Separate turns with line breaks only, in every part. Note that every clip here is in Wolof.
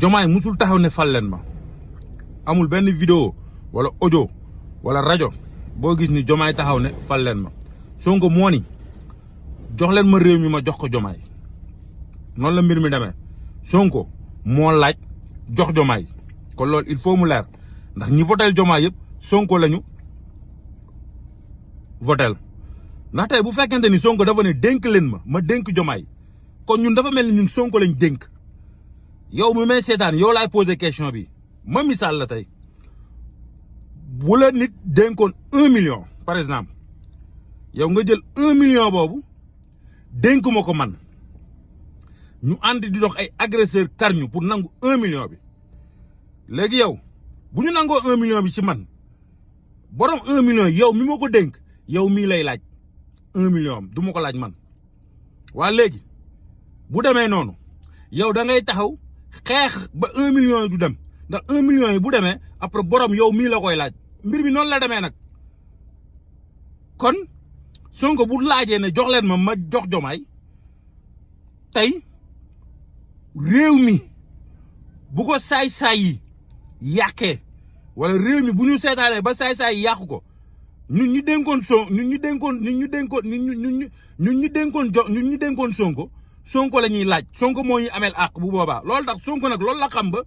jomaay musul taxaw ne fal leen ma amul benn vidéo wala ojo wala rajo boo gis ni jomaay taxaw ne fal leen ma Sonko moo ni jox leen ma réew mi ma jox ko jomaay noonu la mbir mi demee Sonko moo laaj jox jomaay kon loolu il faut mu leer ndax ñi votel jomaay yëpp Sonko lañu votel ndax tey bu fekkente ni Sonko dafa ne dénk leen ma ma dénk jomaay kon ñun dafa mel ni ñun Sonko lañ dénk. yow mi may seetaan yow laay posé question bi ma misaal la tey bu la nit dénkoon un million par exemple yow nga jël un million boobu dénk ko man ñu ànd di dox ay agresseur karñu pour nangu un million bi léegi yow bu ñu nangoo un million bi ci man borom un million yow mi ma ko dénk yow mii lay laaj un million duma ko laaj man waa léegi bu demee noonu yow da ngay taxaw xeex ba un million yi du dem ndax un million yi bu demee après borom yow mii la koy laaj mbir mi noonu la demee nag kon Sonko bu laajee ne jox leen ma ma jox jomaay tey réew mi bu ko saay-saay yi yàqee wala réew mi bu ñu seetaanee ba saay-saay yi yàqu ko ñun ñu dénkoon son ñun ñu dénkoon ñun ñu dénkoon ñun ñu ñu dénkoon jo ñun ñu dénkoon Sonko sonko lañuy laaj sonko moñu amel ak bu boba Lol tax sonko nak lol la xam ba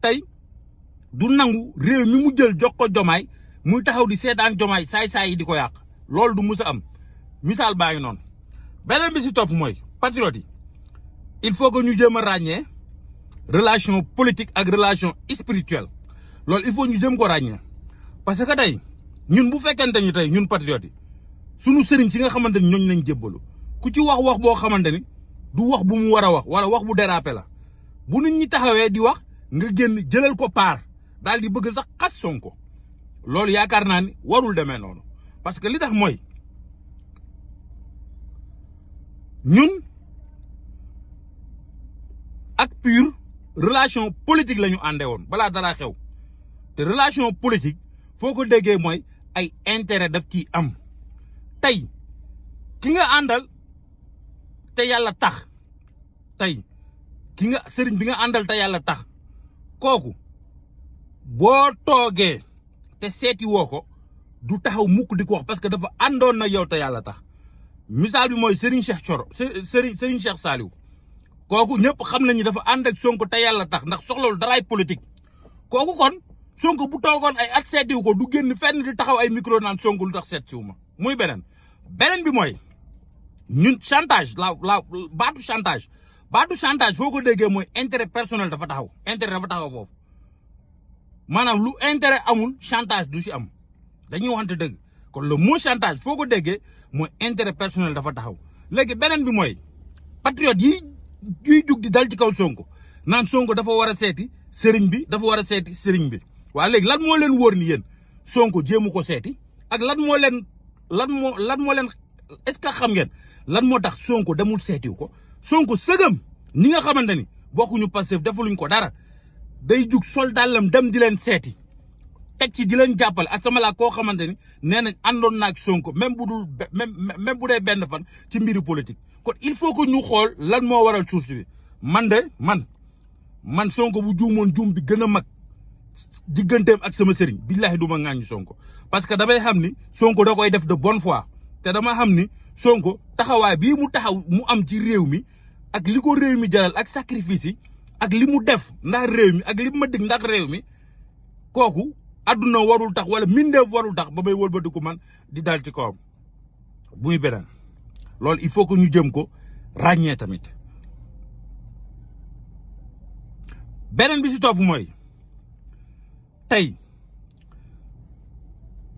tay du nangu rew mi mu jël jox ko jomay muy taxaw di sétan jomay say say di ko yak lol du musa am misal baa ngi noonu beneen bi ci top moy patriote il faut que ñu jéem a relation politique ak relation spirituelle lol il faut ñu jëm ko parce que tay ñun bu fekkante ñu tay ñun patriote sunu sëriñ ci nga xamanteni ñoo ñooñu lañ jébalu ku ci wax wax bo xamanteni du wax bu mu wara wax wala wax bu déraper la bu nit ñi taxawé di wax nga genn jëlal ko par dal di bëgg sax xass sonko lool yaakar na ni warul démé noonu parce que li tax moy ñun ak pure relation politique lañu andé won bala dara xew té relation politique foko déggé moy ay intérêt daf ci am tay ki nga andal te yalla tax tay ki nga serigne bi nga andal te yalla tax koku bo toge te seti woko du taxaw mukk di ko wax parce que dafa àndoon na yow te yalla tax misal bi moy Serigne Cheikh Thioro Serigne Serigne Cheikh saliw koku ñepp xam nañu dafa ànd ak Sonko te yalla tax ndax soxlawul daraay politique koku kon Sonko bu togon ay accès diw ko du genn fenn di taxaw ay micro nan Sonko lu tax seet muy benen benen bi moy ñun chantage la la baatu chantage baatu chantage foo ko déggee mooy intérêt personnel dafa taxaw intérêt dafa taxaw foofu maanaam lu intérêt amul chantage du si am dañuy waxante dëgg kon le mot chantage foo ko déggee mooy intérêt personnel dafa taxaw léegi beneen bi mooy patriote yi yuy jug di dal ci kaw Sonko naan Sonko dafa war a seeti sëriñ bi dafa war a seeti sëriñ bi waaye léegi lan moo leen wóor ni yéen Sonko jéemu ko seeti ak lan moo leen lan moo lan moo leen est-ce que xam ngeen lan moo tax Sonko demul seetiw ko Sonko sëgëm ñi nga xamante ni bokkuñu Pastef defaluñ ko dara day jug sol dàllam dem di leen seeti teg ci di leen jàppale asamala koo xamante ni nee na àndoon naag Sonko même bu dul même même bu dee benn fan ci mbiru politique. kon il faut que ñu xool lan moo waral source bi man de man man Sonko bu juumoon juum bi gën a mag digganteem ak sama sëriñ billahi du ma ŋaañu Sonko parce que damay xam ni Sonko da koy def de bonne foi te dama xam ni. Sonko taxawaay bii mu taxaw mu am ci réew mi ak li ko réew mi jaral ak sacrifice yi ak li mu def ndax réew mi ak li ma dig ndax réew mi kooku adduna warul tax wala mindeef warul tax ba may wëlbatiku man di dal ci kawam buy beneen loolu il faut que ñu jëm ko ràññee tamit beneen bi si topp mooy tey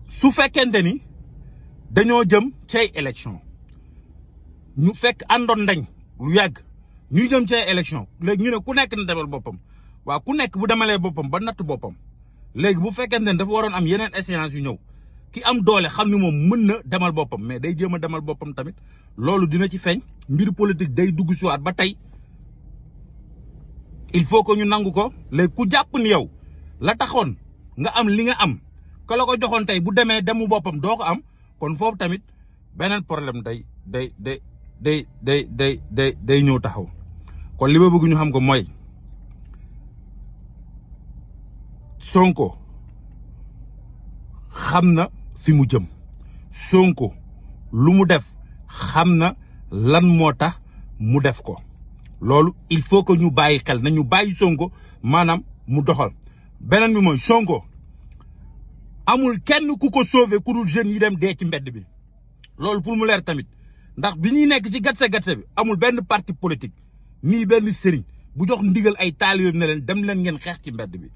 su fekkente ni dañoo jëm cay élection ñu fekk àndoon ndañ lu yàgg ñu jëm ci ay élection léegi ñu ne ku nekk na demal boppam waaw ku nekk bu demalee boppam ba natt boppam léegi bu fekkente ne dafa waroon am yeneen échéance yu ñëw ki am doole xam ni moom mën na demal boppam mais day jéem a demal boppam tamit loolu dina ci feeñ mbir politique day dugg si ba tey il faut que ñu nangu ko léegi ku jàpp ni yow la taxoon nga am li nga am ka la ko joxoon tey bu demee demu boppam doo ko am kon foofu tamit beneen problème day day day day day day day day ñëw taxaw kon li ma bëgg ñu xam ko mooy Sonko xam na fi mu jëm Sonko lu mu def xam na lan moo tax mu def ko loolu il faut que ñu bàyyi xel na ñu bàyyi Sonko maanaam mu doxal beneen bi mooy Sonko amul kenn ku ko sauver ku dul jeunes yi dem dee ci mbedd bi loolu pour mu leer tamit ndax bi ñuy nekk ci gatse gatse bi amul benn parti politique nii benn sëriñ bu jox ndigal ay taalibe ne leen dem leen ngeen xeex ci mbedd bi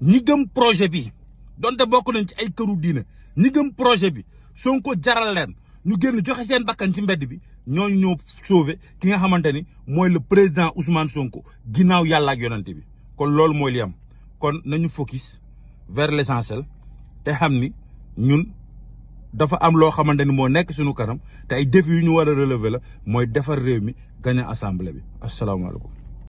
ñi gëm projet bi donte bokk nañ ci ay këru diina ñi gëm projet bi Sonko jaral leen ñu génn joxe seen bakkan ci mbedd bi ñooñu ñoo sauvé ki nga xamante ni mooy le président Ousmane Sonko ginnaaw yàlla ak yonante bi kon loolu mooy li am kon nañu focus vers l'essentiel te xam ni ñun dafa am loo xamante ni moo nekk suñu kanam te ay défis yu ñu war a relever la mooy defar réew mi gañ a assemblée bi asalaamaaleykum